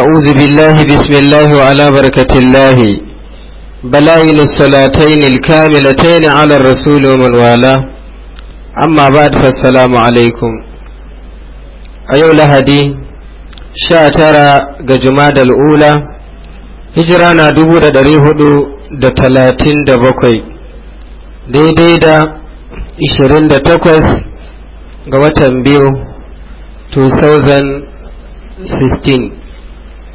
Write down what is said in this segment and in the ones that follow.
أعوذ بالله بسم الله وعلى بركة الله بلائل الصلاتين الكاملتين على الرسول ومن والاه أما بعد فالسلام عليكم أيها الهدي sha tara ga jumadal ula hijira na dubu da dari hudu da talatin da bakwai daidai da ishirin da 2016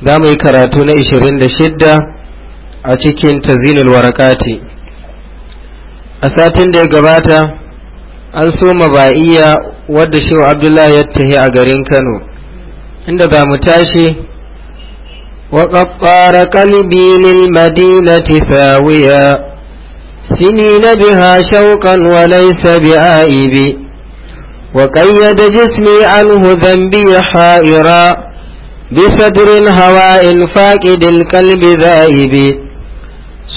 za mu yi karatu na 26 a cikin tazinul warakati a satin da ya gabata an soma ba'iya wadda shehu abdullahi ya tahi a garin kano inda za mu tashi وقطار قلبي للمدينة فاويا سنين بها شوقا وليس بعائب وقيد جسمي عنه ذنبي حائرا بصدر هواء فاقد الكلب ذاهب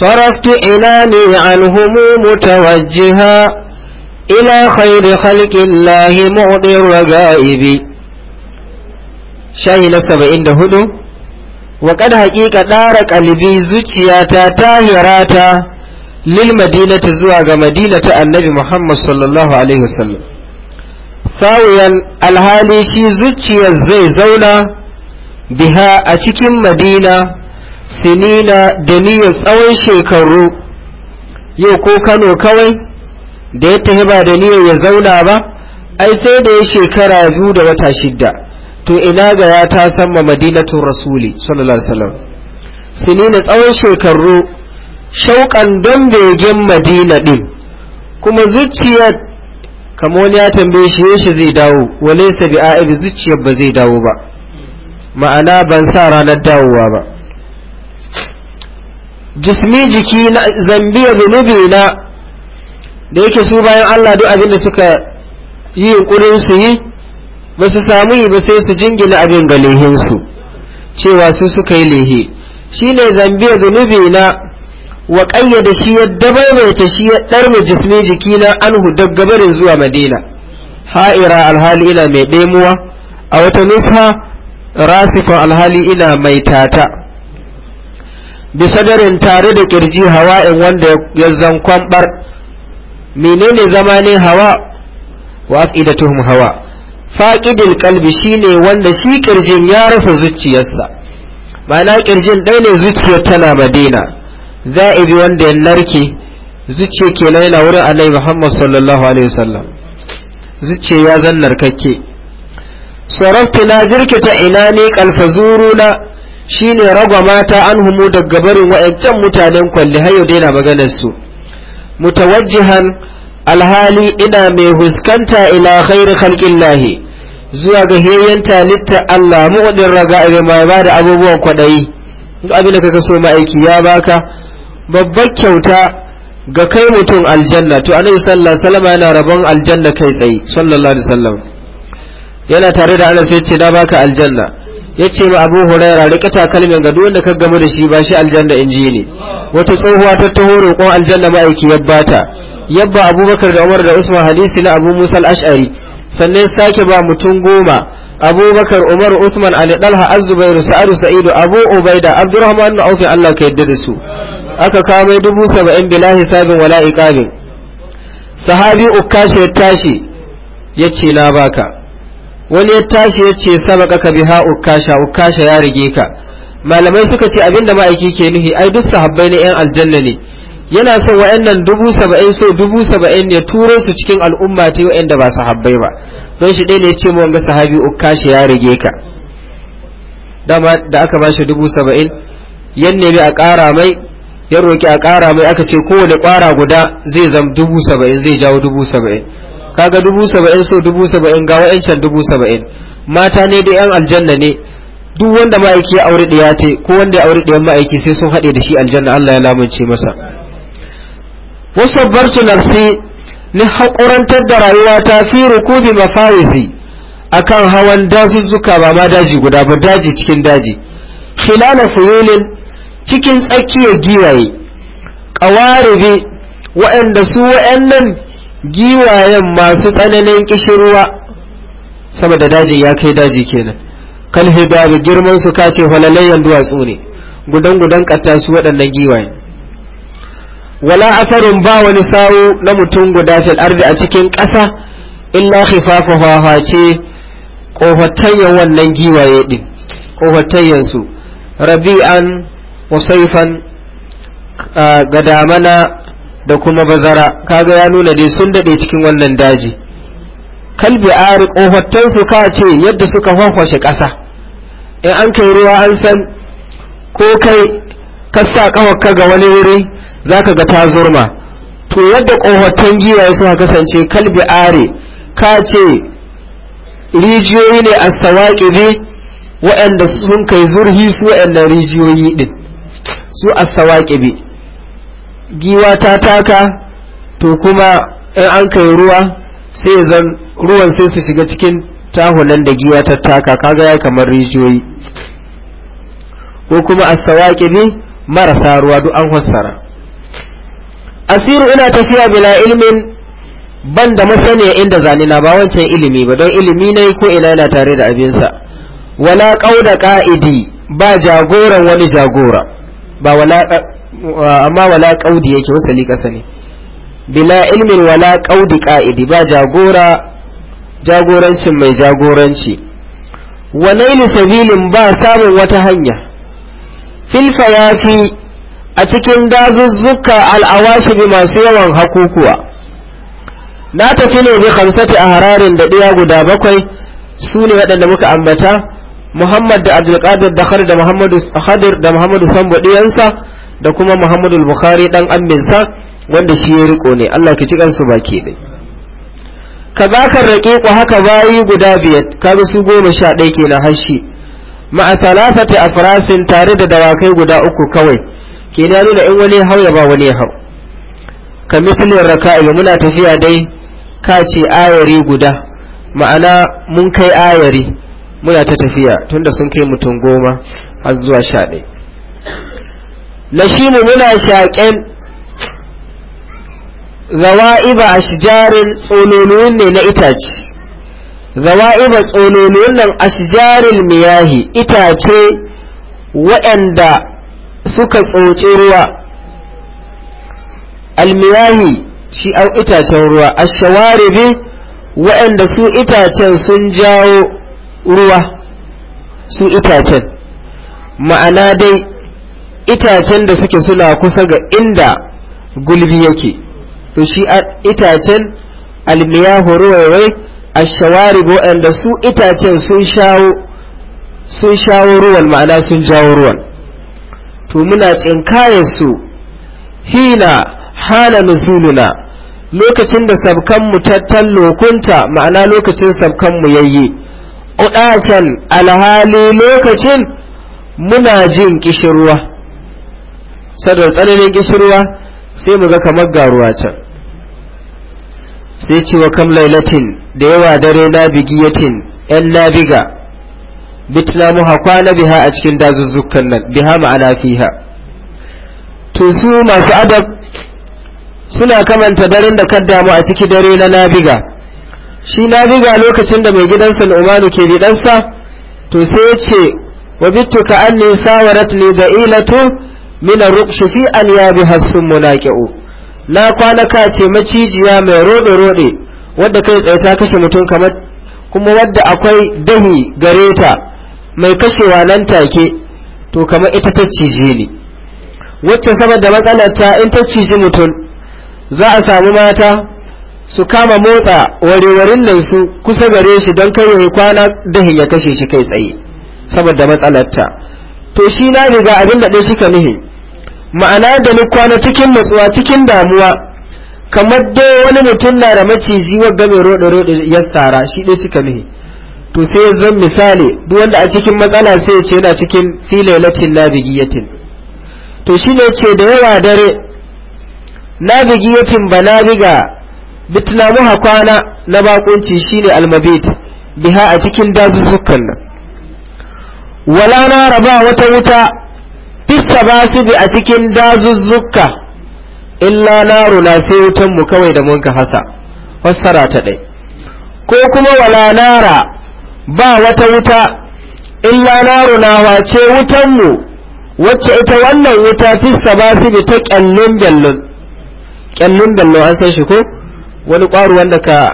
صرفت إناني عنهم متوجها إلى خير خلق الله معطي الرقائب شاهي لسبعين دهدو وقد حقيقة دار قلبي زوجياتا تاهراتا للمدينة زواج مدينة النبي محمد صلى الله عليه وسلم ساويا الهالي شي زوجيا زي زولا biha a cikin madina sinina da niyyar tsawon shekaru yau ko kano kawai da ya tafi ba da niyyar ya zauna ba ai sai da ya shekara biyu da wata shidda to ina ga ya ta samma madinatun rasuli sallallahu alaihi sinina tsawon shekaru shauƙan don begen madina din kuma zuciyar kamar wani ya tambaye shi yaushe zai dawo wale sabi'a zuciyar ba zai dawo ba ma'ana ban sa ranar dawowa ba jismi jiki na zambiya zunubi na da yake su bayan Allah duk abin da suka yi yunkurin su yi ba su samu yi ba sai su jingina abin ga lehinsu cewa su suka yi lehi shi ne zambiya zunubi na wa ƙayyada shi ya dabaibaita shi ya ɗarmi jismi jiki na anhu daggabarin zuwa madina ha'ira alhali ina mai ɗemuwa a wata nusa rasifa alhali ina mai tata bi sadarin tare da kirji hawa'in wanda ya zankon bar menene zama ne hawa wa afidatuhum hawa faqidil kalbi shine wanda shi kirjin ya rufe zuciyarsa ma'ana kirjin dai ne zuciyar tana madina bi wanda ya narke zuciya kenan yana wurin annabi Muhammad sallallahu alaihi wasallam zuciya ya zan narkakke saraftu na jirkita ina ne kalfazuru na shine mata an humu daga barin wa'ancan mutanen kwalli har yau daina maganar su mutawajjihan alhali ina mai huskanta ila khairu lahi zuwa ga heyen talitta Allah raga raga'i mai ba da abubuwan kwadayi duk abin da kaga so ma'aiki ya baka babbar kyauta ga kai mutum aljanna to annabi sallallahu alaihi wasallam yana rabon aljanna kai tsaye sallallahu alaihi wasallam yana tare da Anas yace da baka aljanna yace ma Abu Hurairah rika takalmin ga duk wanda ka gamu da shi ba shi aljanna inji ne wata tsohuwa ta taho roƙon aljanna yake yabba ta yabba Abubakar da Umar da Usman hadisi na Abu Musa al-Ash'ari sannan sake ba mutum goma Abubakar Umar Usman Ali Dalha Az-Zubair Sa'ad Sa'idu Abu Ubaida Abdurrahman bin Auf Allah ka yadda da su aka kama mai dubu saba'in bila hisabin wala iqabin sahabi ukashi ya tashi yace na baka wani ya tashi ya ce sabaka ka ha ukasha ukasha ya rige ka malamai suka ce abinda ma'aiki ke nuhi ai duk sahabbai ne yan aljanna ne yana son wa'annan dubu saba'in so dubu saba'in ya turo su cikin al'umma ta wa'anda ba sahabbai ba don shi ɗaya ne ya ce mu wanga sahabi ukasha ya rige ka dama da aka bashi dubu saba'in yan nemi a ƙara mai yan roƙi a ƙara mai aka ce kowane ƙwara guda zai zama dubu saba'in zai jawo dubu saba'in kaga dubu saba'in so dubu saba'in ga wa'ancan dubu saba'in mata ne da yan aljanna ne duk wanda ma'aiki ya aure ɗaya te ko wanda ya aure ɗayan ma'aiki sai sun haɗe da shi aljanna Allah ya lamunce masa wasu barci nafsi ni haƙurantar da rayuwa ta fi rukubi mafarisi akan hawan dazuzzuka ba ma daji guda ba daji cikin daji khilala fuyulin cikin tsakiyar giwaye ƙawaribi wa'anda su wa'annan giwayen masu tsananin kishirwa saboda da daji ya kai daji kenan kal hidabi girman su kace halalayyan duwatsu ne gudan gudan katta su waɗannan giwaye wala asarin ba wani sawo na mutum guda fil ardi a cikin ƙasa illa ha ce kofatayyan wannan giwaye din kofatayyan su rabi'an wasaifan ah, ga damana da kuma bazara kaga ya nuna dai sun dade cikin wannan daji kalbi ari su ka ce yadda suka hwahwashe kasa in an kai ruwa an san ko kai ka kawar ka ga wani wuri zaka ga ta zurma to yadda ƙohottan giwaye suka kasance kalbi ari ka ce rijiyoyi ne a sawaƙi ne waɗanda sun kai zurhi su waɗanda rijiyoyi ɗin su a bi. giwa ta taka to kuma in an kai ruwa sai zan ruwan sai su shiga cikin tahunan da giwa ta taka kaga ya kamar rijiyoyi ko kuma astawaki ne marasa ruwa duk an fassara asiru ina tafiya bila ilmin ban da masaniya inda zane na ba wancan ilimi ba don ilimi ne ko ina yana tare da abinsa wala kauda ka'idi ba jagoran wani jagora ba wala amma wala qaudi yake wasali kasa ne bila ilmin wala qaudi qa'idi ba jagora jagorancin mai jagoranci walailu sabilin ba samun wata hanya fil fi a cikin dazuzzuka al'awashi bi masu yawan hakukuwa na tafi ne bi hamsati a hararin da ɗaya guda bakwai su ne waɗanda muka ambata muhammad da abdulkadir da khadir da muhammadu da muhammadu sambo da kuma muhammadu bukhari dan amminsa wanda shi ya riko ne Allah ki ci kansu baki ɗai ka rake ku haka bayi guda biyar ka su goma sha ɗaya ke na hashi ma'a talafata a farasin tare da dawakai guda uku kawai ke na nuna in wani hau ya ba wani hau ka misalin ya muna tafiya dai ka ce ayari guda ma'ana mun kai ayari muna ta tafiya tunda sun kai mutum goma har zuwa sha ɗaya nashimu muna shaƙen zawa'iba a shijarin tsololuwun ne na itace zawa'iba tsololuwun nan a shijarin miyahi itace waɗanda suka tsoci ruwa almiyahi shi an itacen ruwa a shawaribi waɗanda su itacen sun jawo ruwa su itacen ma'ana dai itacen da suke suna kusa ga inda gulbi yake to shi itacen almiyahu ruwaiwai ashawaribu waɗanda su itacen sun shawo ruwan ma'ana sun jawo ruwan to muna su hina hana nuzuluna lokacin da sabkanmu tattan lokunta ma'ana lokacin sabkanmu yayye udashan alhali lokacin muna jin kishirwa sadar tsananin gishirwa sai mu ga kamar garuwa can sai ce wa kam lailatin da yawa dare na bigiyatin yan labiga bitna mu hakwa na biha a cikin dazuzzukan nan biha ma'ana fiha to su masu adab suna kamanta daren da mu a ciki dare na nabiga shi nabiga lokacin da mai gidansa umaru ke gidansa to sai ya ce wa bitu ka anni sawarat da ilatu min ar-ruqshi fi anyabiha summun naqi'u la kwanaka ce macijiya mai roɗe-roɗe wadda kai tsaye ta kashe mutum kamar kuma wadda akwai dahi gare ta mai kashewa nan take to kamar ita ta cije ni wacce saboda matsalar ta in ta ciji mutum za a samu mata su kama motsa warewarin nan su kusa gare shi don kai ya kwana dahin ya kashe shi kai tsaye saboda matsalar ta to shi na riga abin da ɗaya shi ka nihin ma'ana da ni kwana cikin matsuwa cikin damuwa kamar dai wani mutum na da maciji wa mai roɗe roɗe ya tsara shi dai suka mihi to sai zan misali duk wanda a cikin matsala sai ce yana cikin filailatin labigiyatin to shi ne ce da yawa dare labigiyatin ba labiga bitna muha kwana na bakunci shine almabit biha a cikin dazuzzukan nan wala na raba wata wuta fissa ba su bi a cikin dazuzzuka illa rula sai wutan mu kawai da mun ka hasa fassara ta ɗai ko kuma wala nara ba wata wuta illa naruna wace wutan mu wacce ita wannan wuta fissa ba su bi ta kyallun gyallun kyallun gyallun an san shi ko wani ƙwaro wanda ka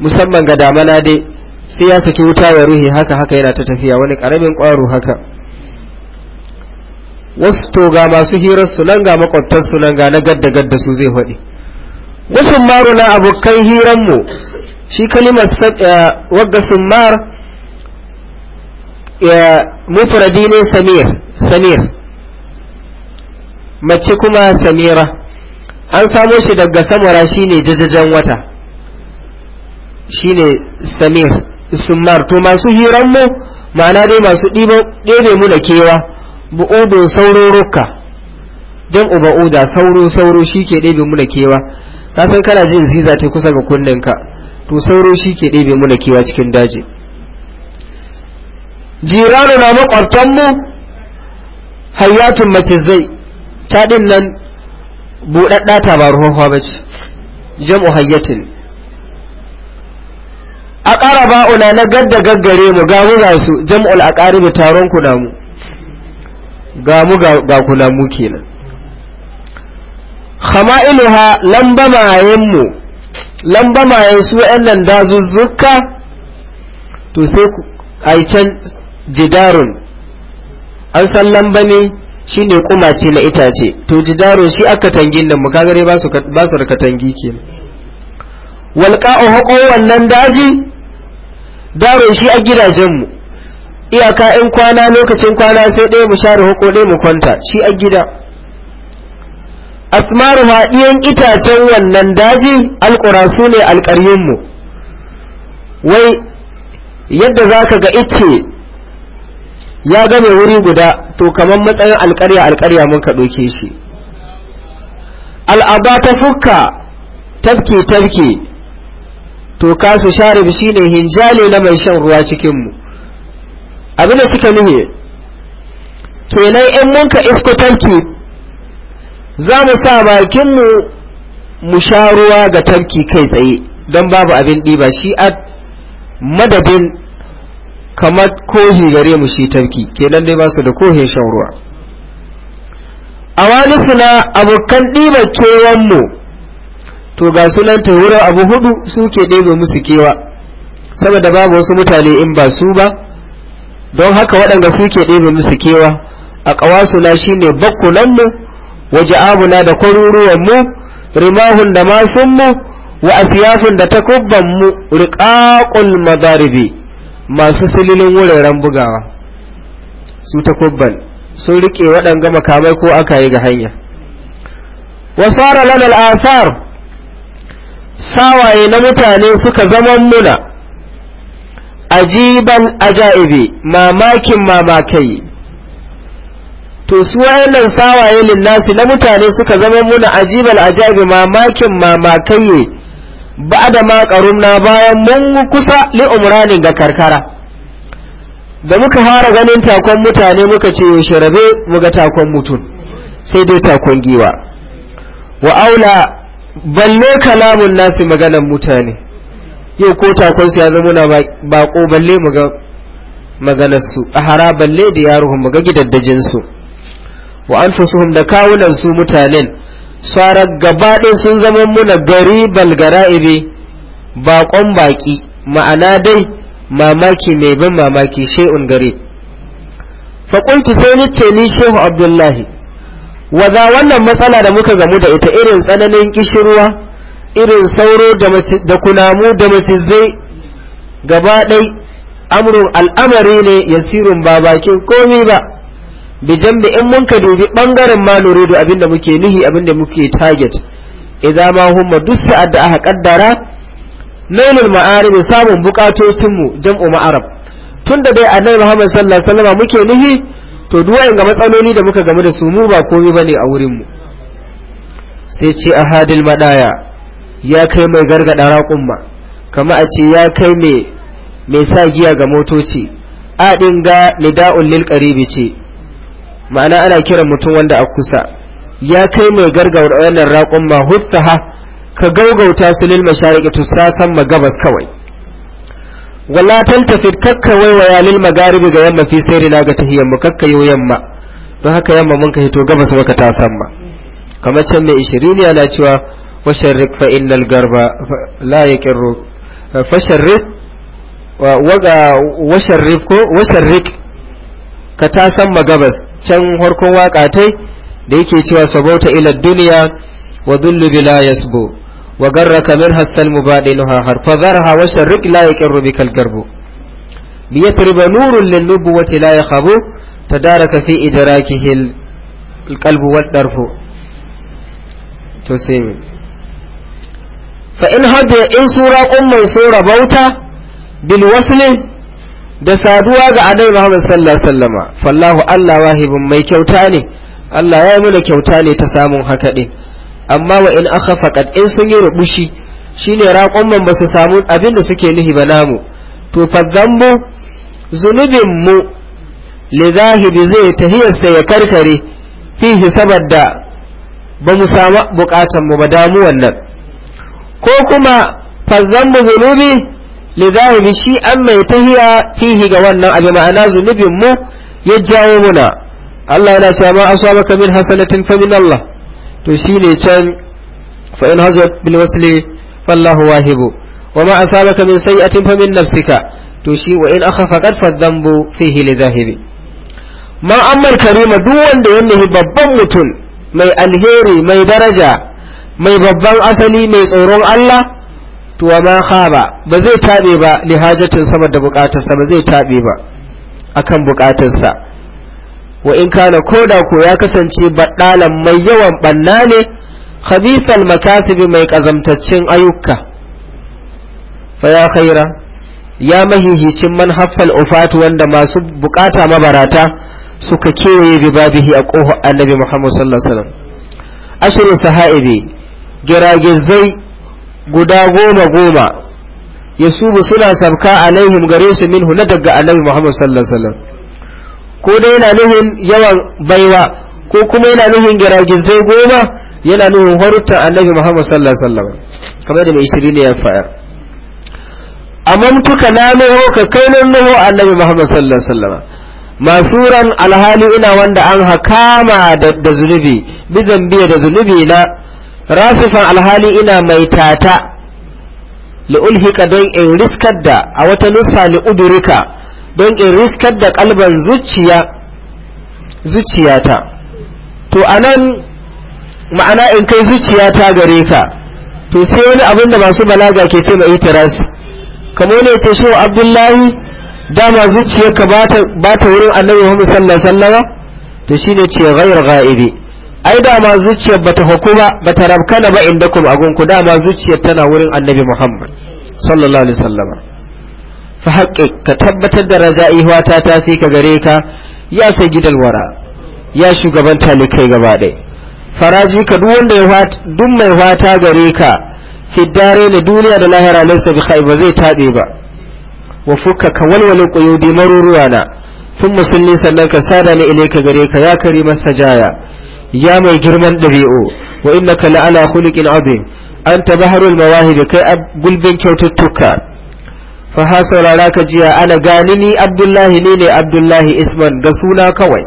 musamman ga damana dai sai ya saki wuta ya ruhi haka haka yana ta tafiya wani ƙaramin ƙwaro haka wasu to masu hirar su nan ga makwabtar su nan ga na gadda gadda su zai faɗi wasu maru na abokan hirar mu shi kalimar eh, wagga summar eh, mufuradi ne samir mace kuma samira an samo shi daga samura ne jajajen wata shi ne samir mar to masu hirar mu ma'ana dai masu ɗebe mu da kewa bu'udun saurorukka uba oda sauro sauro shi ke ɗebe muna kewa ka san kana jin ziza ta kusa ga kunninka to sauro shi ke ɗebe muna kewa cikin daji jirano na makwabtanmu hayatun mace zai ta ɗin nan buɗaɗɗa ta ba ruhuwa ba ce jam'u hayyatin a ƙara ba'una na gadda gaggare mu ga mu su jam'ul a ƙaribu taron ku na mu ga mu ga kula mu kenan khama'iluha mayen mu lambamayen su wayannan dazuzzuka to sai ku ai can jidarun an san lambami shine kumace na itace to jidarun shi aka tangin nan mu kagare ba su ba su katangi kenan walqa'u haqaw wannan daji darun shi a gidajen mu iyaka in kwana lokacin kwana sai ɗaya mu share hako ɗaya mu kwanta shi a gida asmaru haɗiyan itacen wannan daji alƙura su ne alƙaryunmu wai yadda za ka ga ice ya game wuri guda to kamar matsayin alƙarya alƙarya mun ka ɗauke shi al'aba ta fuka tafke tafke to kasu share shi ne hinjali na mai shan ruwa cikinmu abinda suka nuhe kenan in munka iskotarki za mu sa bakin mu sha ruwa ga tarki kai tsaye don babu abin ɗiba shi a madadin kamar kohi gare mu shi tarki kenan dai ba su da kohin shan ruwa a wani suna abokan ɗiba kewanmu to ga sunan ta abu hudu suke ɗebe musu kewa saboda babu wasu mutane in ba su ba don haka waɗanda suke ɗebe musu kewa a ƙawasu na ƙawasuna shine mu, waje abuna da kwaruruwanmu rimahun da masunmu wa asiyafun da takubbanmu riƙaƙul madaribi masu sililin wuraren bugawa su takubban sun riƙe waɗanga makamai ko aka yi ga hanya wasu lana al'afar sawaye na mutane suka zaman muna ajiban aja'ibe mamakin mamakai to su wayannan sawaye linnasi na mutane suka zama muna ajibal aja'ibe mamakin mamakai ba da ma na bayan mun kusa li umrani ga karkara da muka fara ganin takon mutane muka ce yaushe rabe muga takon mutum sai dai takon giwa wa aula balle kalamun nasi maganan mutane yau ko takon su ya zama na bako balle mu ga maganarsu a hara balle da yaruhun mu ga su wa anfusuhum da kawunan su mutanen sara gaba sun zama muna gari ibe bakon baki ma'ana dai mamaki mai ban mamaki she'un gari faƙuntu sai ni ce ni shehu abdullahi waza wannan matsala da muka gamu da ita irin tsananin kishirwa irin sauro da kunamu da macizai gaba ɗai amurin al'amari ne yasirun ba bakin komi ba bijan da in mun ka dubi ɓangaren ma da abinda muke nuhi abinda muke target idan ma humma duk sa'ad da aka kaddara nailul ma'arib samun bukatocin mu jam'u ma'arab tunda dai annabi Muhammad sallallahu alaihi wasallam muke nuhi to duwayen ga matsaloli da muka game da su mu ba komai bane a wurin mu sai ce ahadil madaya ya kai mai gargada raƙumma kama a ce ya kai mai sa giya ga motoci a ga nida'un lil qaribi ce ma'ana ana kiran mutum wanda a kusa ya kai mai gargawar wannan raƙumma ha ka gaugauta su lil mashariqi tusasan magabas kawai wala taltafit kakka waiwaya lil magaribi ga yamma fi rina ga tahiyyar mu kakka yo yamma don haka yamma mun ka hito gabas baka ta samma kamar can mai ishirini yana cewa fa innal garba وشرك فإن القرب لا يكر فشرك وشرك وشرك ka ta san magabas can harkon waka tai da yake cewa sabauta ila duniya wa dhullu bila yasbu wa garraka min hasal mubadinuha har fa zarha wa sharrik la yaqirru bikal garbu bi yatriba nurun lin nubuwati la yakhabu tadaraka fi idrakihi al qalbu wad darfu to sai fa in su in sura mai sura bauta bil wasli da saduwa ga adai Muhammad sallallahu alaihi fallahu Allah wahibun mai kyauta ne Allah ya yi mana kyauta ne ta samun haka din amma wa in aka faqad in sun yi rubushi shine raƙon ba su samu abin da suke nihi ba namu to mu zunubin mu lizahibi zai tahiyarsa ya karkare fihi saboda ba mu samu bukatan mu ba damuwan wannan ko kuma fazzambu zunubi lizahibi shi an mai tahiya fihi ga wannan abin ma'ana zunubin mu ya jawo muna Allah yana cewa ma asaba ka min hasanatin fa min Allah to shine can fa in hazat bil wasli fallahu wahibu wa ma asaba ka min sayyi'atin fa min nafsika to shi wa in akhafa qad fa dhanbu fihi lizahibi ma amma karima duk wanda ya nuhi babban mutum mai alheri mai daraja mai babban asali mai tsoron Allah to ma khaba ba zai tabe ba li hajatin sama da bukatarsa ba zai tabe ba akan sa wa in kana koda ko ya kasance baddalan mai yawan banna ne khabithal makasibi mai kazamtaccen ayyuka fa ya khaira ya mahihicin man haffal ufat wanda masu bukata mabarata suka kewaye bi babihi a kofar annabi muhammad sallallahu alaihi wasallam ashirin sahaibi giragizai guda goma goma ya subu suna sabka alaihim gare su minhu na daga annabi muhammad sallallahu alaihi ko dai yana nuhin yawan baiwa ko kuma yana nuhin giragizai goma yana nuhin harutta annabi muhammad sallallahu alaihi kamar da mai shiri ne ya faɗa amamtuka na nuhu ka kai nan nuhu annabi muhammad sallallahu alaihi wasallam masuran alhali ina wanda an hakama da zunubi bi zambiya da zunubi na rasifan alhali ina mai tata li'ulhika don in riskar da a wata nusa li'udurika don in riskar da kalban zuciya zuciyata to nan ma'ana in kai zuciyata gare ka to sai wani abin da masu balaga ke ce mai itiras kamar ne ce shi abdullahi dama zuciyarka ba ta wurin annabi muhammad sallallahu alaihi wasallama to shine ce ghayr ghaibi ai da ma zuciyar bata hukuma ba bata rabkana ba inda kuma agun da ma zuciyar tana wurin annabi muhammad sallallahu alaihi wasallama fa haƙƙi ka tabbatar da raja'i ta fi ka gare ka ya sai gidan wara ya shugaban talikai gaba ɗaya faraji ka duk wanda ya duk mai wata gare ka fiddare ne duniya da lahira laysa bi ba zai tabe ba wa fukka ka walwala quyudi maruruwa na sun musulmi sannan ka sada ne ka gare ka ya karima sajaya ya mai girman ɗabi'u wa innaka la'ala khuluqin an anta baharul mawahib kai gulbin kyaututtuka fa ha saurara ka jiya ana gani ni abdullahi ne ne abdullahi isman ga suna kawai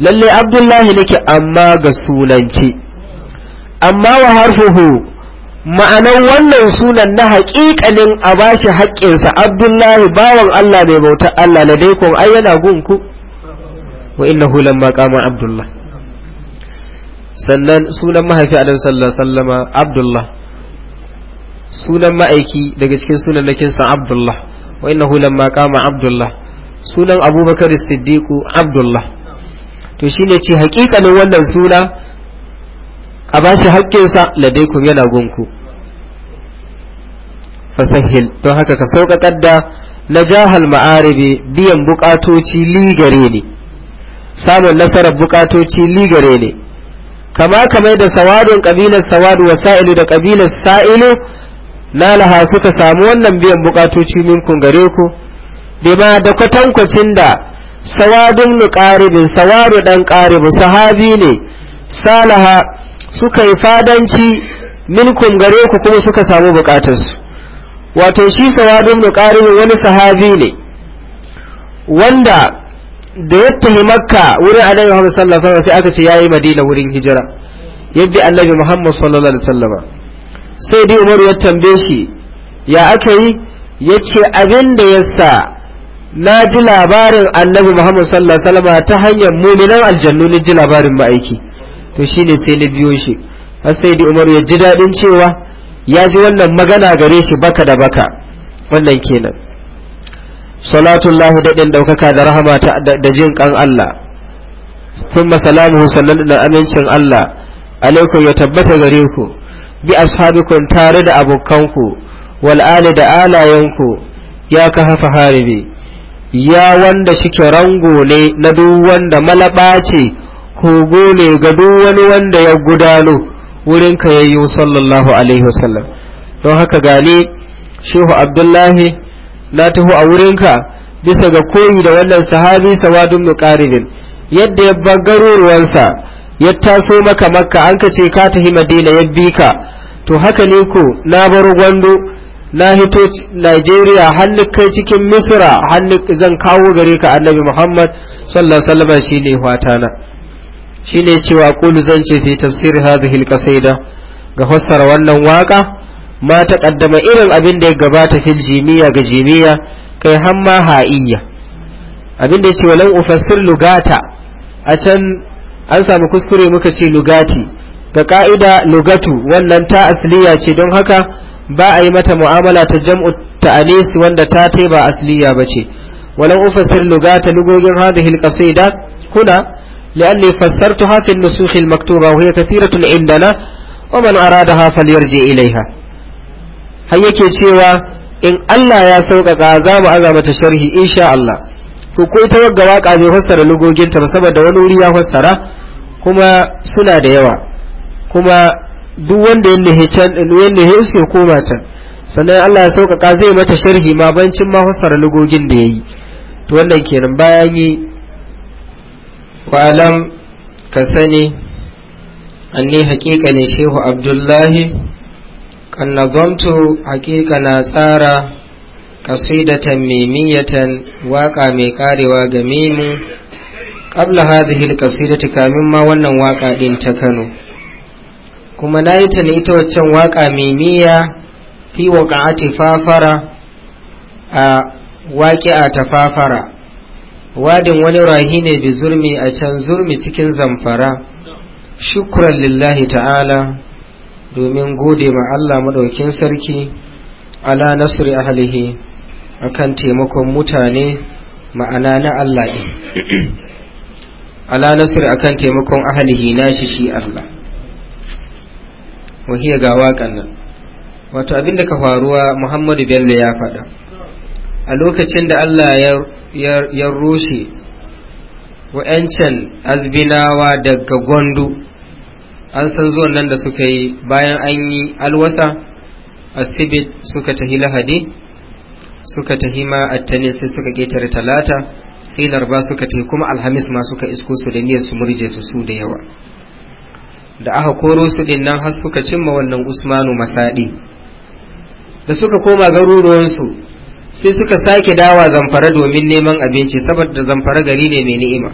lalle abdullahi nake amma ga sunanci amma wa harfuhu ma'anan wannan sunan na haƙiƙanin a bashi haƙƙinsa abdullahi bawan allah mai bauta allah na daikon ai yana gunku wa innahu lamma qama abdullahi sannan sunan mahaifi a sallallahu sallama abdullah sunan ma'aiki daga cikin sunan nakinsa abdullah wa hulan ma kama abdullah sunan abubakar siddiqu abdullah to shi shine ce hakikanin wannan suna a bashi haƙƙinsa ladaikum yana gunku fasahil don haka ka sauƙaƙar da na jahal ma'aribi biyan buƙatoci ligare ne samun nasarar buƙatoci ligare ne kama kamar da sawadun kabilar sawadu wa sa'ilu da kabilar sa'ilu laha suka samu wannan biyan bukatoci minkun gare ku bima da kwatankwacin da sawadun nu qaribin sawadu dan qaribu sahabi ne salaha suka yi fadanci minkun gare ku kuma suka samu bukatarsu wato shi sawadun nu qaribin wani sahabi ne wanda da ya tafi makka wurin annabi Muhammad sallallahu alaihi wasallam sai aka ce yayi madina wurin hijira yadda annabi Muhammad sallallahu alaihi wasallam sai dai Umaru ya tambaye shi ya aka yi yace abin da yasa na ji labarin annabi Muhammad sallallahu alaihi wasallam ta hanyar muminan aljannu ne ji labarin ma'aiki to shine sai na biyo shi har sai dai Umaru ya ji dadin cewa ya ji wannan magana gare shi baka da baka wannan kenan salatun lahu daɗin ɗaukaka da rahama da jin ƙan Allah sun salamu sannan da amincin Allah alaikum ya tabbata gare ku bi ashabikun tare da abokanku wal'ali da alayenku ya ka hafa haribi ya wanda shike rango ne na duk wanda malaba ce kogo ne ga duk wani wanda ya gudano wurin ka yayyo sallallahu alaihi wasallam don haka gane shehu abdullahi na taho a wurinka bisa ga koyi da wannan sahabi sawadun muqaribin yadda ya bagaruruwansa ya taso maka makka an ka ce ka tahi madina ya bika to haka ne ko na bar gwando na hito Najeriya hannu kai cikin Misra hannu zan kawo gare ka Annabi Muhammad sallallahu alaihi wasallam shine watana shine cewa qulu zan ce fi tafsir hadhihi alqasida ga fassara wannan waka ma kaddama irin abin da ya gabata fil jimiya ga jimiya kai hamma ha'iyya abin da yace walan ufassir lugata a can an samu kuskure muka ce lugati ga ka'ida lugatu wannan ta asliya ce don haka ba a yi mata mu'amala ta jam'u ta'anis wanda ta tai ba asliya bace walan ufassir lugata lugogin hadhihi alqasida kuna لأني فسرتها في النسوخ المكتوبة وهي كثيرة عندنا ومن أرادها فليرجع إليها har yake cewa in Allah ya sauƙaƙa za mu aza mata sharhi insha Allah ko ko ita wagga waka bai fassara lugoginta ba saboda wani wuri ya fassara kuma suna da yawa kuma duk wanda ya nihe can wanda ya iske koma can sannan Allah ya sauƙaƙa zai mata sharhi ma bancin ma fassara lugogin da yayi to wannan kenan bayan yi walam ka sani anni haƙiƙa ne shehu abdullahi kan hakika na tsara kasidatan mimiyatan waka mai karewa ga mimu qabla hadhihi alqasidati kamin ma wannan waka din ta Kano kuma nayi ta ne ita waccan waka mimiya fi waqa'ati fafara a waqi'a ta fafara wadin wani rahi ne bi zurmi a can zurmi cikin zamfara shukran lillahi ta'ala domin gode ma Allah maɗaukin sarki ala nasri ahlihi akan taimakon mutane ma'ana na Allah ɗin ala nasri akan taimakon ahlihi na shi shi Allah wahiya ga waƙan nan wato abin da ka faruwa Muhammadu Bello ya faɗa a lokacin da Allah ya rushe wa'yancan azbinawa daga Gondu. an san zuwan nan da suka yi bayan an yi alwasa a asibit suka tahi lahadi suka tahi ma attanin sai suka ƙetare talata sai larba suka tahi kuma alhamis ma suka isko su da niyyar su murje su su da yawa da aka koro su din nan har suka cimma wannan usmanu masadi da suka koma garuruwansu sai suka sake dawa zamfara domin neman abinci saboda zamfara gari ne mai ni'ima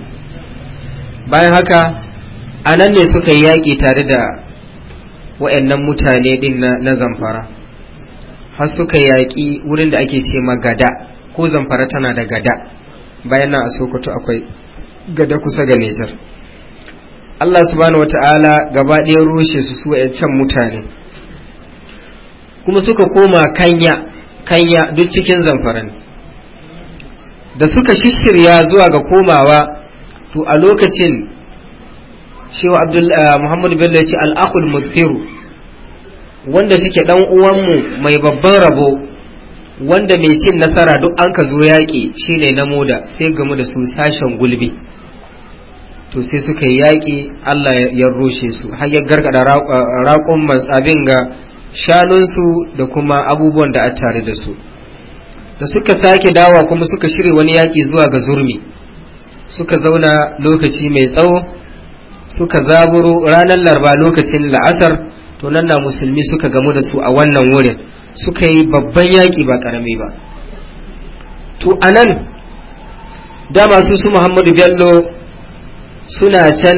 bayan haka a nan ne suka yi yaƙi tare da wa'annan mutane din na zamfara har suka yaƙi wurin da ake ce gada ko zamfara tana da gada bayan nan a sokoto akwai gada kusa ga nijar allah subhanahu wata'ala gaba ɗaya rushe su su wa'ancan mutane kuma suka koma kanya kanya duk cikin zamfaran da suka shishirya zuwa ga komawa to a lokacin shehu abdul eh, muhammadu bello ya ce al'akul mudfiru wanda suke dan uwanmu mai babban rabo wanda mai cin nasara duk an ka zo yaƙi shine na moda sai gamu da su sashen gulbi to sai suka yi yaƙi allah ya rushe su har ya gargada eh, raƙon matsabin ga shanunsu da kuma abubuwan da a tare da su da suka sake dawa kuma suka shirya wani yaki zuwa ga zurmi suka zauna lokaci mai tsawo suka zaburo ranar larba lokacin la'asar to nan na musulmi suka gamu da su a wannan wurin suka yi babban yaƙi ba ƙarami ba to a nan dama su su muhammadu bello suna can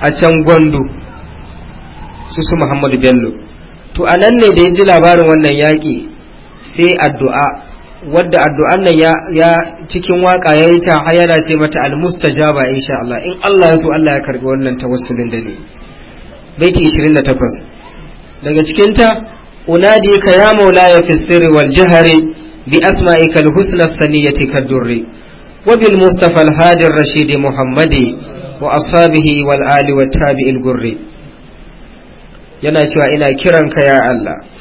a can gwandu su su muhammadu bello to a nan ne da ya ji labarin wannan yaƙi sai addu'a wadda addu'an nan ya cikin waka ya yi ta yana ce mata almustajaba insha Allah in Allah ya so Allah ya karbi wannan tawassulin da ne baiti 28 daga cikin ta unadika ya maulaya fi sirri wal bi asma'ika al husna saniyati kadurri wa bil mustafa al hadi ar rashid muhammadi wa ashabihi wal ali wat tabi'il gurri yana cewa ina kiranka ya Allah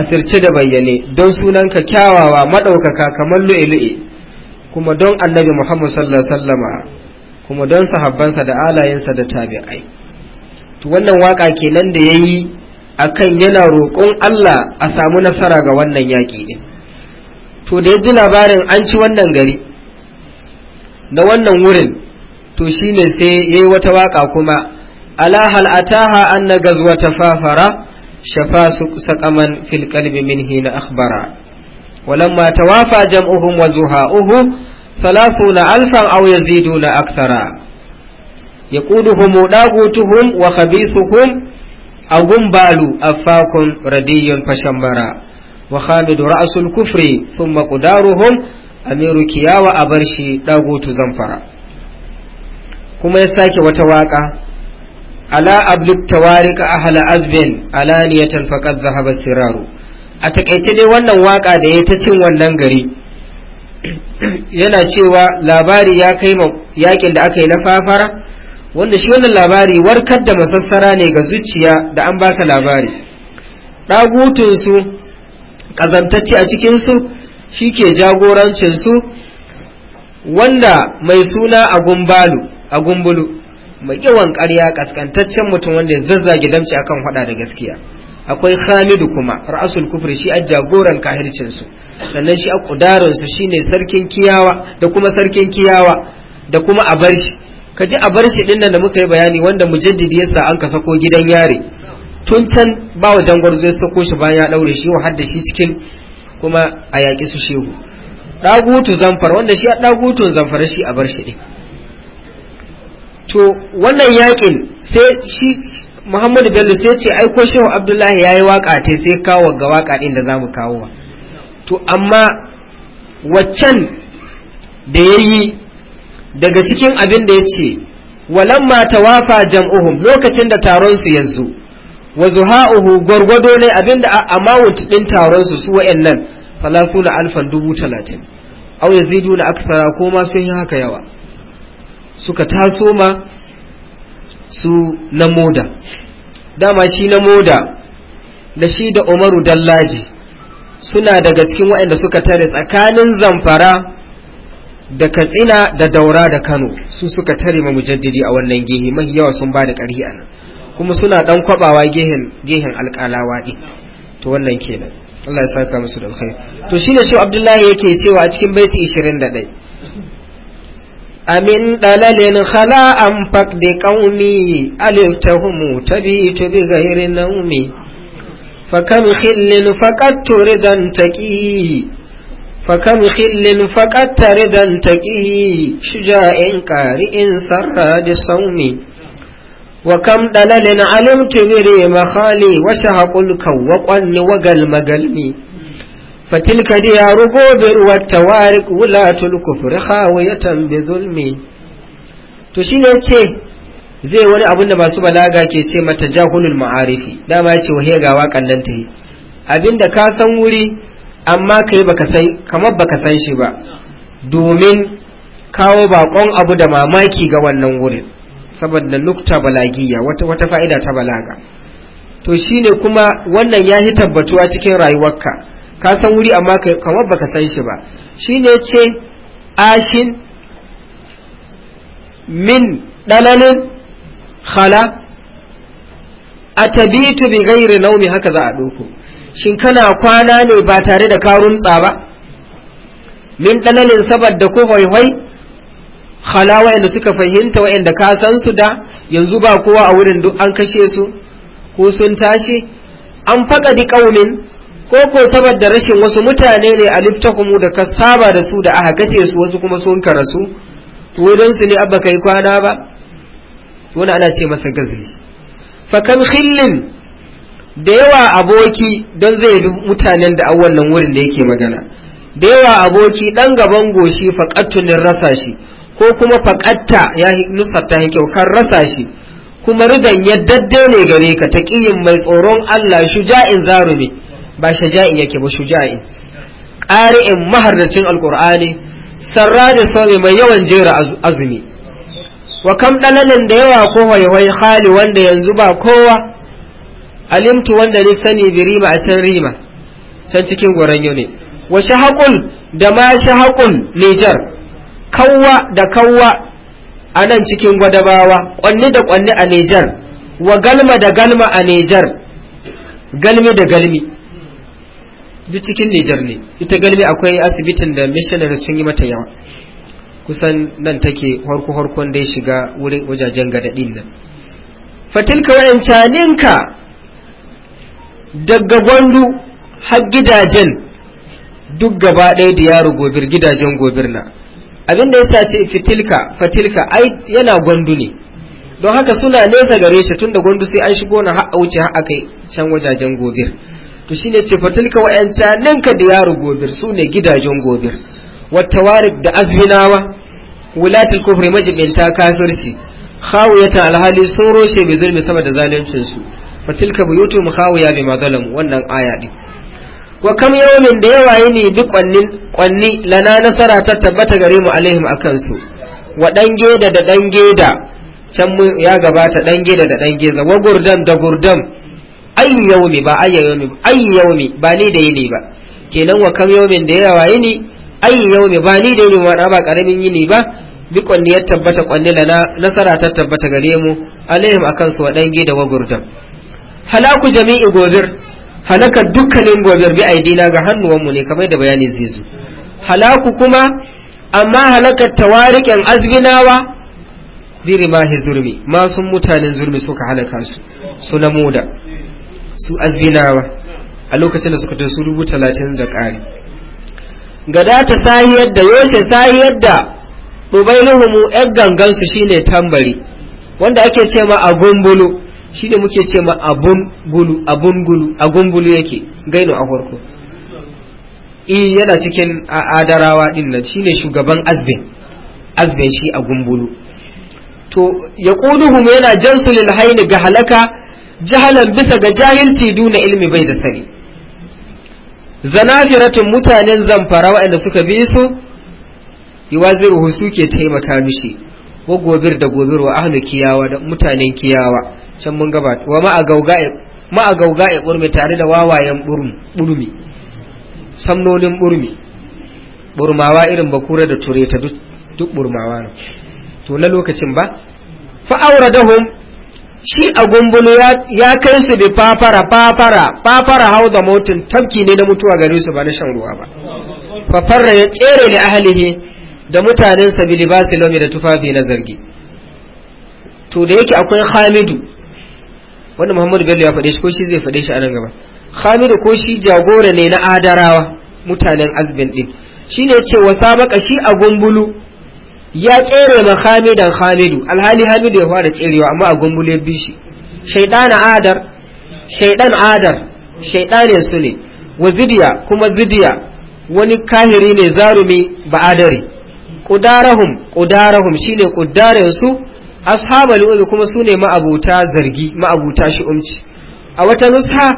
asirce da bayyane don sunanka kyawawa maɗaukaka kamar lu'e-lu'e kuma don annabi muhammad sallallahu sallama kuma don sahabbansa da alayensa da tabi'ai to wannan waka kenan da ya yi a kan yana roƙon allah a samu nasara ga wannan yaƙi ɗin to da ya ji labarin an ci wannan gari na wannan wurin to shine sai ya yi wata waka kuma ala hal ataha anna gazwata fafara shafa saqaman fil qalbi minhi na akhbara walamma tawafa jam'uhum wa zuha'uhu 30 alfan aw yaziduna akthara yaquduhum dagutuhum wa khabithuhum aw gumbalu afakun radiyun fashammara wa khamidu ra'sul kufri thumma qudaruhum amiru kiyawa abarshi dagutu zamfara kuma ya sake wata waƙa. ala ablik tawarika a ahla azbin alaniyatan faqad zahaba siraru a takaice dai wannan waƙa da ya ta cin wannan gari yana cewa labari ya kai yakin da aka yi na fafara wanda shi wannan labari warkar da masassara ne ga zuciya da an baka labari ɗagutunsu ƙazantacce a cikinsu shi ke jagorancinsu wanda mai suna a gumbalu a gumbulu mai yawan ƙarya kaskantaccen mutum wanda ya zazzage damci akan waɗa da gaskiya akwai Khamidu kuma ra'asul kufri shi a jagoran kahircinsu. sannan shi a kudarin su shine sarkin kiyawa da kuma sarkin kiyawa da kuma abarshi kaji abarshi din nan da muka yi bayani wanda mujaddidi sa an ka sako gidan yare tun can ba wa dangwar zai sako shi bayan ya daure shi wa hadda shi cikin kuma a yaƙi su shehu ɗagutu zamfara wanda shi a ɗagutun zamfara shi a bar shi to wannan yakin sai shi muhammadu bello sai ce aiko shehu abdullahi ya yi waka ta sai kawo ga waka ɗin da za mu kawo to amma waccan da ya yi daga cikin abin da ya ce walamma wafa jam'uhum lokacin da taronsu su ya zo wa zuha'uhu gwargwado ne abin da amount ɗin taron su su nan falatu na alfan dubu talatin au yaziduna aka ko ma sun yi haka yawa suka taso ma su na moda dama shi na moda da shi da umaru dallaji suna daga cikin waɗanda suka tare tsakanin zamfara da katsina da daura da kano su suka tare ma mujaddidi a wannan gehe mahi yawa sun ba da ƙarhi a nan kuma suna ɗan kwabawa gehen alƙalawa ɗin to wannan kenan Allah ya saka musu da alkhairi to shine shi Abdullahi yake cewa a cikin baiti 21 أمن دلل خلا أم فقد قومي ألفتهم تبيت بغير نومي فكم خل فقد تردا تكي فكم خل فقد تردا تكي شجاع قارئ سراد صومي وكم دلل علمت بري مخالي وشهق الكوق وقل وقل مقلمي فتلك ديار غوبر والتوارق ولاة الكفر خاوية بظلم تشيني تشي zai wani abin da masu balaga ke ce mata jahulul ma'arifi dama ya ce wahe ta yi abinda ka san wuri amma kai baka san kamar baka san shi ba domin kawo bakon abu da mamaki ga wannan wurin saboda nukta balagiya wata fa'ida ta balaga to shine kuma wannan ya hi tabbatuwa cikin rayuwarka ka san wuri amma kamar baka san shi ba shine ce ashin min dalalin khala atabitu bi ghairi naumi haka za a doko shin kana kwana ne ba tare da karun ba min dalalin saboda ko hoihoi khala wa'anda suka fahimta wa'anda ka san su da yanzu ba kowa a wurin duk an kashe su ko sun tashi an faka di ƙaumin ko ko saboda rashin wasu mutane ne a aliftakumu da ka saba da su da aka kace su wasu kuma sun karasu to don su ne abba kai kwana ba wani ana ce masa gazli fa kam khillin da yawa aboki don zai bi mutanen da an wannan wurin da yake magana da yawa aboki dan gaban goshi faqattunin rasa shi ko kuma faqatta ya nusarta yake kan rasa shi kuma ridan ya ne gare ka taqiyin mai tsoron Allah shuja'in zarumi ba shaja'in yake ba shuja'in ƙari'in maharnacin alƙur'ani sarra da sobe mai yawan jera azumi wa kam ɗalalin da yawa ko waiwai hali wanda yanzu ba kowa alimtu wanda ni sani bi rima a can rima can cikin goron yau ne wa shahakun da ma shahakun nijar kawwa da kawwa a nan cikin gwadabawa ƙwanni da ƙwanni a nijar wa galma da galma a nijar galmi da galmi duk cikin Nijar ne ita galmi akwai asibitin da missionary sun yi mata yawa kusan nan take harko harkon da ya shiga wajajen gadadin nan fatilka wayancaninka daga gwandu har gidajen duk gaba ɗaya da yaro gobir gidajen gobir na abin da ya ce fitilka fatilka ai yana gwandu ne don haka suna nesa gare shi tun da gwandu sai an shigo na har wuce har kai can wajajen gobir to shine ce fatilka wa'yancanin ka yaro gobir su ne gidajen gobir wata warik da azminawa wulatul kufri majibinta kafirci khawiyatan alhali sun roshe bi zulmi sama da zaluncin su fatilka buyutum khawiya bi madalam wannan aya din wa kam yawmin da yawa yini bi qannin kwanni lana nasara ta tabbata gare mu alaihim akan su wa dan geda da dan geda can ya gabata dan geda da dan geda wa gurdam da gurdam ayyu yaumi ba ayyu yawmi ba ni da yini ba kenan wa kam yawmin da yawa yini ayyu yaumi ba ni da yini wa ba karamin yini ba bi kwanni ya tabbata kwanni lana nasara ta tabbata gare mu alaihim akan su wadange da wagurdan halaku jami'i gobir halaka dukkanin gobir bi aidina ga mu ne kamar da bayani zai zo halaku kuma amma halakar tawarikin azbinawa birima ribahi zurmi masu mutanen zurmi suka halaka su su na muda su azinawa a lokacin da suka ta su rubu talatin da ƙari gada ta sahiyar yadda yoshe yadda da ɗubainuhumu ‘yan gangansu shine tambari wanda ake ce ma a gumbulu shi ne muke ce ma abun gulu abun gulu a gumbulu yake gaino a farko eh yana cikin adarawa din nan shine shugaban azbin azbin shi a gumbulu to yaquluhum yana jansu lil hayni ga halaka jahalan bisa ga jahilci duna ilmi bai da sani zanafiratun mutanen zamfara waɗanda suka bi su yuwaziruhu suke taimaka mishi wa gobir da gobir wa ahlu kiyawa da mutanen kiyawa can mun gaba wa a gauga ya ƙurmi tare da wawayen burmi samnonin burmi burmawa irin bakura da ture ta duk burmawa to na lokacin ba fa'auradahum shi a gumbulu ya kai su bi fafara fafara fafara hau da motin tabki ne na mutuwa gare su ba na shan ruwa ba fafara ya tsere li ahalihi da mutanen sa ba lomi da tufafi na zargi to da yake akwai hamidu wanda muhammadu bello ya faɗe shi ko shi zai faɗe shi a nan gaba hamidu ko shi jagora ne na adarawa mutanen azbin din shine ce wa sabaka shi a gumbulu ya tsere ma hamidan hamidu alhali hamidu ya fara tserewa amma a gumbule bishi shaidan adar shaidan adar shaidanin su ne wa zidiya kuma zidiya wani kahiri ne zarumi ba adari kudarahum kudarahum shine kudarin su ashabal ulu kuma su sune ma'abuta zargi ma'abuta umci? a wata nusha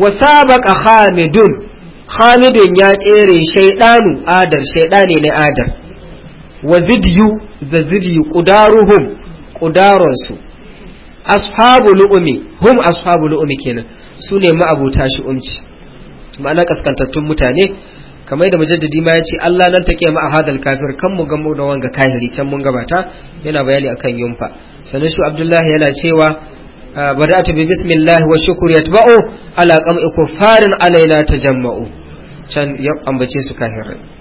wa sabaqa hamidun hamidun ya tsere shaidanu adar shaidane ne adar wa zidyu da zidyu ƙudaruhum ƙudaronsu ashabu lu'umi hum ashabu lu'umi kenan su ne ma'abuta shi umci ma'ana kaskantattun mutane kamar da mujaddidi ma ya ce Allah nan take ma hadal kafir kan mu gamu da wanga kahiri can mun gabata yana bayani akan yunfa sanan shi Abdullahi yana cewa ah, bada'atu bi bismillah wa shukr yatba'u ala qam'i kuffarin alaina tajamma'u can ya ambace su kafirai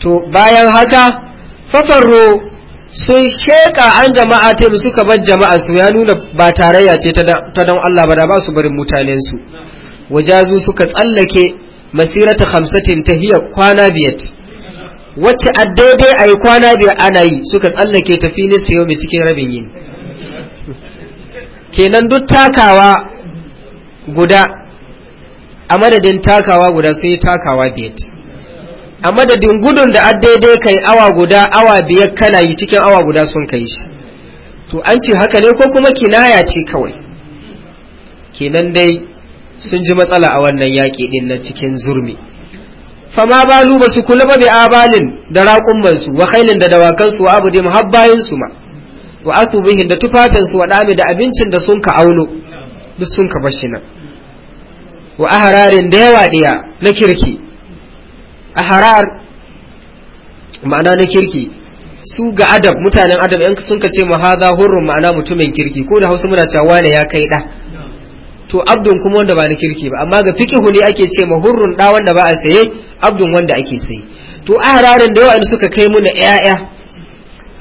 to bayan haka fafarro sun sheƙa an jama'a ta suka bar jama'a su ya nuna ba tarayya ce ta dan Allah ba da ba su barin mutanensu wajazu suka tsallake masirata hamsatin ta hiyar kwana biyar wacce a daidai a yi kwana biyar ana yi suka tsallake ta filis ta yomi cikin rabin yin kenan duk takawa guda a madadin takawa guda sai takawa biyar a madadin gudun da daidai kai awa guda awa biyar kana yi cikin awa guda sun kai shi to an ce haka ne ko kuma kinaya ce kawai kenan dai sun ji matsala a wannan yaƙi din na cikin zurmi fama balu basu kula ba abalin da raƙummansu wa khailin da dawakansu wa abu da muhabbayinsu ma wa bihin da tufafinsu wa ɗami da abincin da sun ka auno duk sun ka bashi nan wa ahararin da yawa ɗaya na kirki ahrar ma'ana na kirki su ga adab mutanen adab yan sun ka ce ma hadha hurrun ma'ana mutumin kirki ko da hausa muna cewa wane ya kai da to abdun kuma wanda ba na kirki ba amma ga fiqhu ne ake ce ma hurrun da wanda ba a saye abdun wanda ake saye to a hararin da yawa suka kai mu na ƴaƴa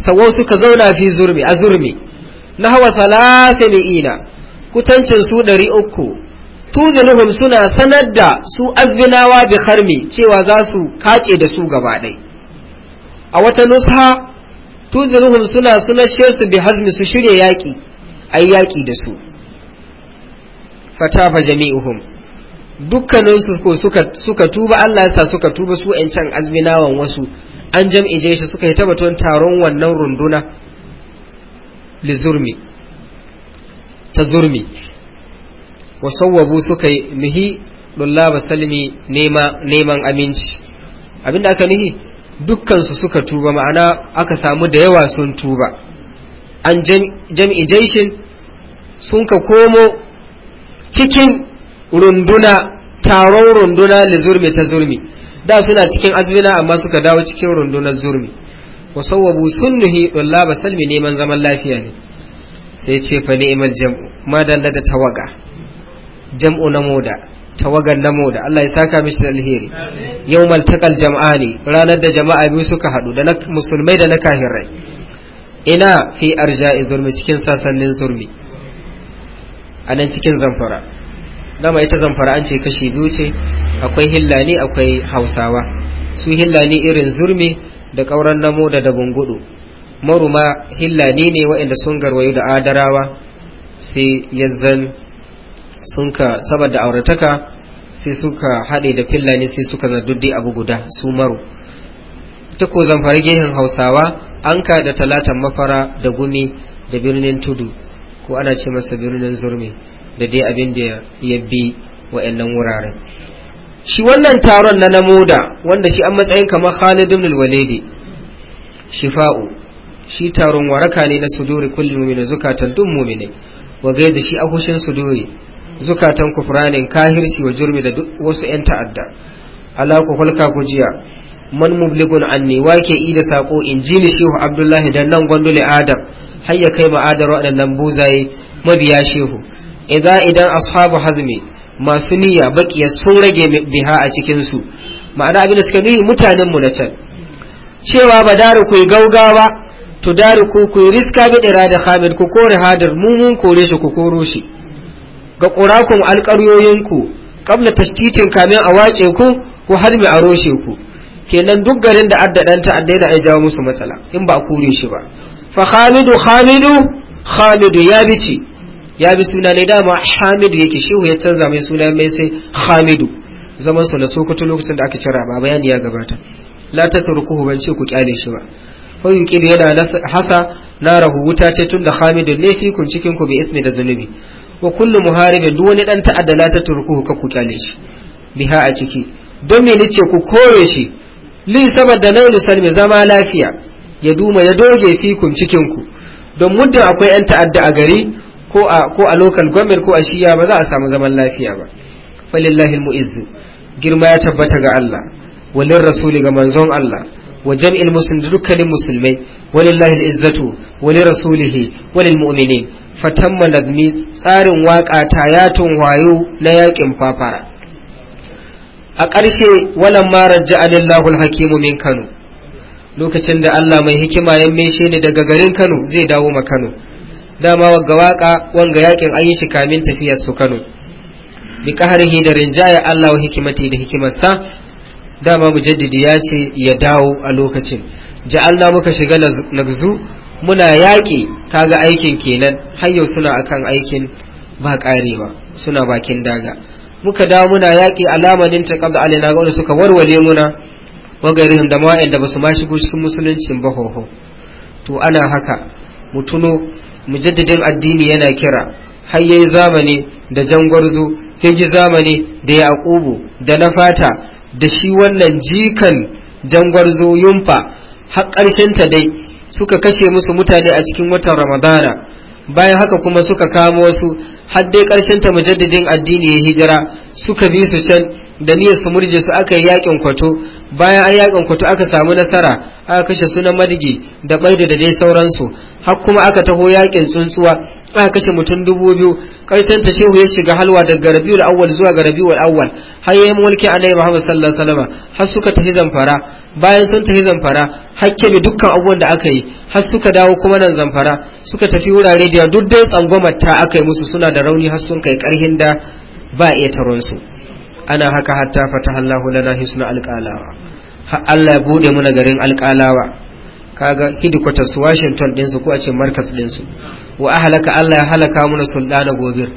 sawo suka zauna fi zurmi a zurmi na hawa salasa ina kutancin su ɗari uku tuzinuhum suna sanar da su azbinawa bi harmi cewa za su kace da su gaba ɗai a wata nusha tuzinuhum suna suna su bi hazmi su shirya yaƙi ai yaƙi da su fatafa jami'uhum dukkaninsu ko suka, tuba Allah ya sa suka tuba su can azminawan wasu an jam'ije shi suka yi tabbaton taron wannan runduna lizurmi ta zurmi Wasawabu suka suka nuhi dullaba salmi neman aminci abinda aka nuhi dukkan suka tuba ma'ana aka samu da yawa sun tuba an jami'in jaishin sun ka komo cikin runduna taron runduna da zurmi ta zurmi da suna cikin azmina amma suka dawo cikin rundunar zurmi Wasawabu sun nuhi dullaba salmi neman zaman lafiya ne sai ce fa ni'mal jam'u madalla da tawaga jam'u na moda tawagar na moda Allah ya saka mishi da alheri yawmal taqal jam'ani ranar da jama'a biyu suka hadu da musulmai da na kahirai ina fi arja'i zulmi cikin sasannin zulmi a nan cikin zamfara dama ita zamfara an ce kashi biyu ce akwai hillani akwai hausawa su hillani irin zurmi da kauran moda da bungudu maruma hillani ne waɗanda sun garwayo da adarawa sai yazzan sun ka saboda aurataka sai suka haɗe da fillani sai suka dai abu guda su maro ta ko zamfara gehen hausawa an ka da talatan mafara da gumi da birnin tudu ko ana ce masa birnin zurmi da dai abin da ya bi wa'annan wuraren shi wannan taron na namoda wanda shi an matsayin kamar Khalid ibn al-Walidi shifa'u shi taron waraka ne na suduri kullum na zukatan duk mu'mini wa gaida shi akushin suduri zukatan kufranin kahirsi wa jurmi da wasu 'yan ta'adda ala ku ku jiya man mubligun anni wake i da sako in ni shehu abdullahi dan nan gwandule adam har ya kai ma adam waɗannan buzaye mabiya shehu idza idan ashabu hazmi masu niyya baki sun rage biha a cikin su ma'ana abin da suka nuyi mutanen mu na can cewa ba daru ku gaugawa to daru ku ku riska bi da hamid ku kore hadar mu mun kore shi ku koro shi ga ƙurakun alƙaryoyinku ƙabla tashtitin kamin a wace ku ko har mai a roshe ku kenan duk garin da adda ɗan ta'adda da ai jawo musu matsala in ba a kure shi ba fa Hamidu khalidu khalidu ya ce. ya bi suna ne dama hamidu yake shehu ya canza mai suna mai sai hamidu zaman su na sokoto lokacin da aka cira ba bayani ya gabata la ta turkuhu ban ce ku kyale shi ba fa yuqil yana hasa narahu wuta ce tunda da hamidu ne fi kun cikin ku bi ismi da zunubi wa kullu muharibin duk wani dan ta'adda la ta turkuhu ka ku kyale shi biha a ciki don me nace ku kore shi li saboda nan mai zama lafiya ya duma ya doge fikun cikin ku don muddin akwai yan ta'adda a gari ko a ko a local government ko a shiya ba za a samu zaman lafiya ba falillahi almu'izzu girma ya tabbata ga Allah walin rasuli ga manzon Allah wa jam'il muslimin dukkanin musulmai walillahi al'izzatu wani rasulihi walil mu'minin fatamma nagmi tsarin waƙa ta yatun wayo na yaƙin fafara a ƙarshe walan marar alillahul hakimu min kano lokacin da allah mai hikima ya meshe ni daga garin kano zai dawo ma kano dama wagga waƙa wanga yaƙin an yi shi kamin tafiyar su kano bi ƙaharihi da rinjaya allah wa hikimati da hikimarsa dama mujaddidi ya ce ya dawo a lokacin ja'alna muka shiga nagzu muna yaƙi kaga aikin kenan har yau suna akan aikin ba ƙarewa suna bakin daga muka dawo muna yaƙi alamanin ta kabda na ga suka warware muna wagarin da ma'in da basu ma shigo cikin musulunci ba hoho to ana haka mu tuno mujaddidin addini yana kira har yayi zamani da jangwarzo ya zamani da yaƙubu da na fata da shi wannan jikan jangwarzo yumfa har ƙarshen ta dai suka kashe musu mutane a cikin watan ramadana bayan haka kuma suka kamo wasu har dai ƙarshen ta mujaddidin addini ya hijira suka bi su can da niyyar su murje su aka yi yakin kwato bayan an yakin kwato aka samu nasara aka kashe sunan madigi da baido da dai sauransu har kuma aka taho yakin tsuntsuwa aka kashe mutum dubu biyu karshen ta shehu ya shiga halwa daga da awwal zuwa ga rabiul awwal har yayin mulki annabi Muhammad sallallahu alaihi wasallam har suka tafi zamfara bayan sun tafi zamfara har kebe dukkan abubuwan da aka yi har suka dawo kuma nan zamfara suka tafi wurare da duk dai tsangwamar ta aka yi musu suna da rauni har sun kai karhin da ba iya taron su ana haka hatta fataha Allahu lana hisna alqalawa Allah ya bude muna garin alqalawa kaga su Washington din su ko a ce markas din su wa ahlaka Allah ya halaka muna sultana gobir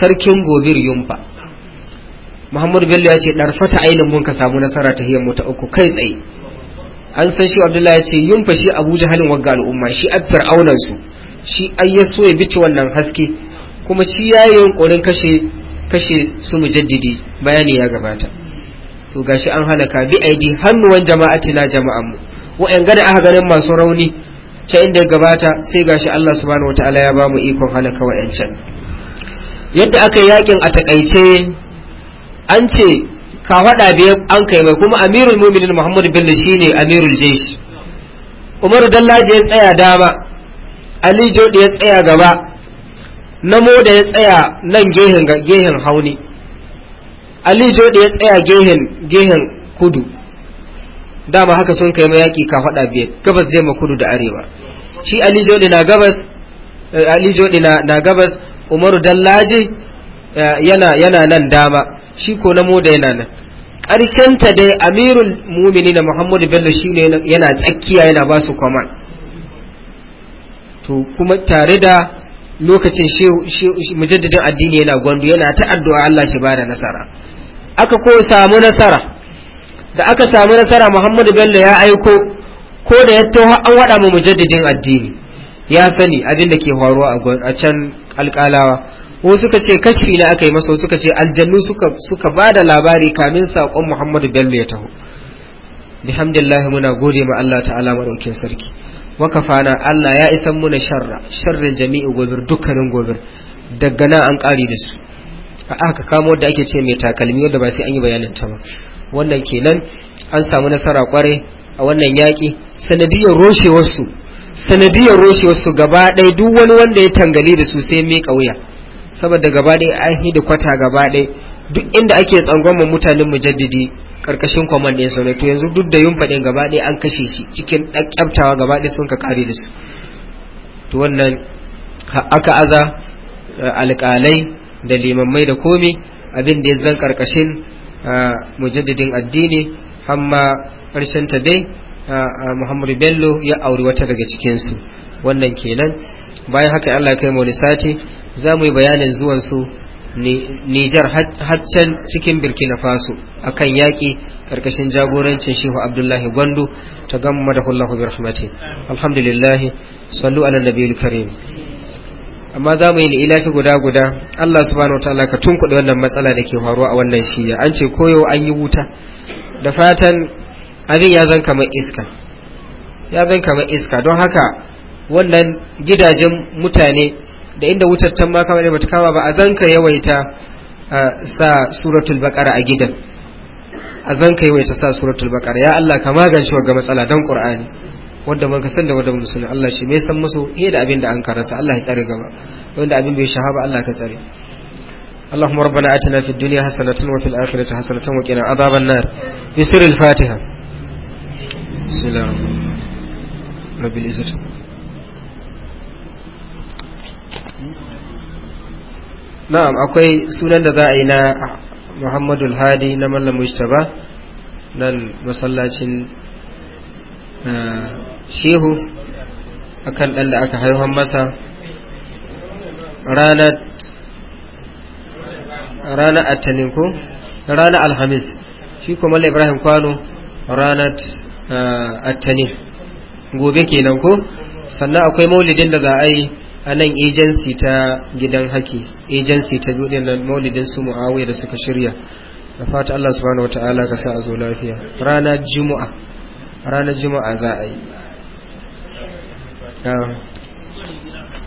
sarkin gobir yumfa Muhammad Bello ya ce darfata ainin mun ka samu nasara ta hiyar mu ta uku kai tsaye an san shi abdullahi ya ce yin fa shi abu jahalin wagga al'umma shi a fir'aunan su shi ayyaso ya bice wannan haske kuma shi ya yi kashe kashe su mujaddidi bayani ya gabata to gashi an halaka bi aidi hannuwan jama'ati na jama'an mu wa'yan da aka ganin masu rauni ta inda gabata sai gashi Allah subhanahu wataala ya bamu ikon halaka can. yadda aka yakin a takaice an ce ka faɗa biyar an kai mai kuma amirul muminin muhammad bello ne amirul jeshi umar dallaji ya tsaya dama ali jodi ya tsaya gaba namo da ya tsaya nan gehen gehen hauni jo da ya tsaya gehen gehen kudu dama haka sun kai mayaki ka fada biyar gabas zai ma kudu da arewa shi Ali da na gabas da eh, na gabas umaru dallaji eh, yana yana nan dama shi ko namo da yana nan ta dai amirul mumini na muhammadu bello shine yana tsakiya yana ba su kwaman to kuma tare da lokacin mujaddadin addini yana gwandu yana ta addu'a Allah shi bada nasara aka ko samu nasara da aka samu nasara Muhammadu Bello ya aiko ko da ya taho an wada mu mujaddadin addini ya sani abin da ke faruwa a can alƙalawa ko suka ce kashfi na aka yi masa suka ce aljannu suka ba da labari kamin saƙon Muhammadu Bello ya taho bihamdillahi muna gode ma Allah ta'ala madaukin sarki wakafana Allah ya isan muna sharra sharrin jami'i gobir dukkanin gobir daga nan an ƙari da su a aka kamo da ake ce mai takalmi wanda ba sai an yi bayanin ta ba wannan kenan an samu nasara kwarai a wannan yaƙi sanadiyar roshewarsu sanadiyar roshewarsu gaba ɗaya duk wani wanda ya tangali da su sai mai ƙauya saboda gaba ɗaya an hidi kwata gaba ɗaya duk inda ake tsangon mutanen mujaddidi karkashin command din sa to yanzu duk da yunfa gaba ɗaya an kashe shi cikin ɗakkaftawa gaba ɗaya sun ka kare da su to wannan aka aza eh, alƙalai da limammai da komi abin da ya zan karkashin eh, mujaddadin addini hamma ƙarshen ta dai eh, muhammadu bello ya auri wata daga cikinsu wannan kenan bayan haka allah kai mu sati za mu yi bayanin zuwansu Nijar haccan cikin Burkina Faso akan yaƙi ƙarƙashin jagorancin Shehu Abdullahi Gwandu ta gamma da kullahu bi rahmati alhamdulillah sallu ala nabiyil karim amma za mu yi ilafi guda guda Allah subhanahu wa ta'ala ka tunkuɗe wannan matsala da ke faruwa a wannan shiya an ce koyo an yi wuta da fatan abin ya zan kamar iska ya zan kamar iska don haka wannan gidajen mutane da inda wutar tan ma kamar bata kama ba a zanka yawaita sa suratul baqara a gidan a zanka yawaita sa suratul baqara ya Allah ka magance wa ga matsala dan qur'ani wanda mun ka san da wanda mun Allah shi mai san musu he da abin da an karasa Allah ya tsare gaba wanda abin bai shahaba Allah ka tsare اللهم ربنا اتنا في الدنيا حسنة وفي الآخرة حسنة وقنا عذاب النار بسر الفاتحة بسم الله الرحمن الرحيم رب العزة na'am akwai sunan da za a yi na muhammadu hadi na mallam mujtaba nan masallacin eh, shehu akan ɗan da aka haihuwan masa ranar ranar ko ranar alhamis shi kuma ibrahim kwano ranar eh, attanin gobe kenan ko sannan akwai maulidin da za a yi a nan agency ta gidan haki agency ta juɗin na maulidin su mu'awiyar da suka shirya da fata Allah subhanahu wa ta'ala ka sa a zo lafiya ranar juma'a ranar juma'a za a yi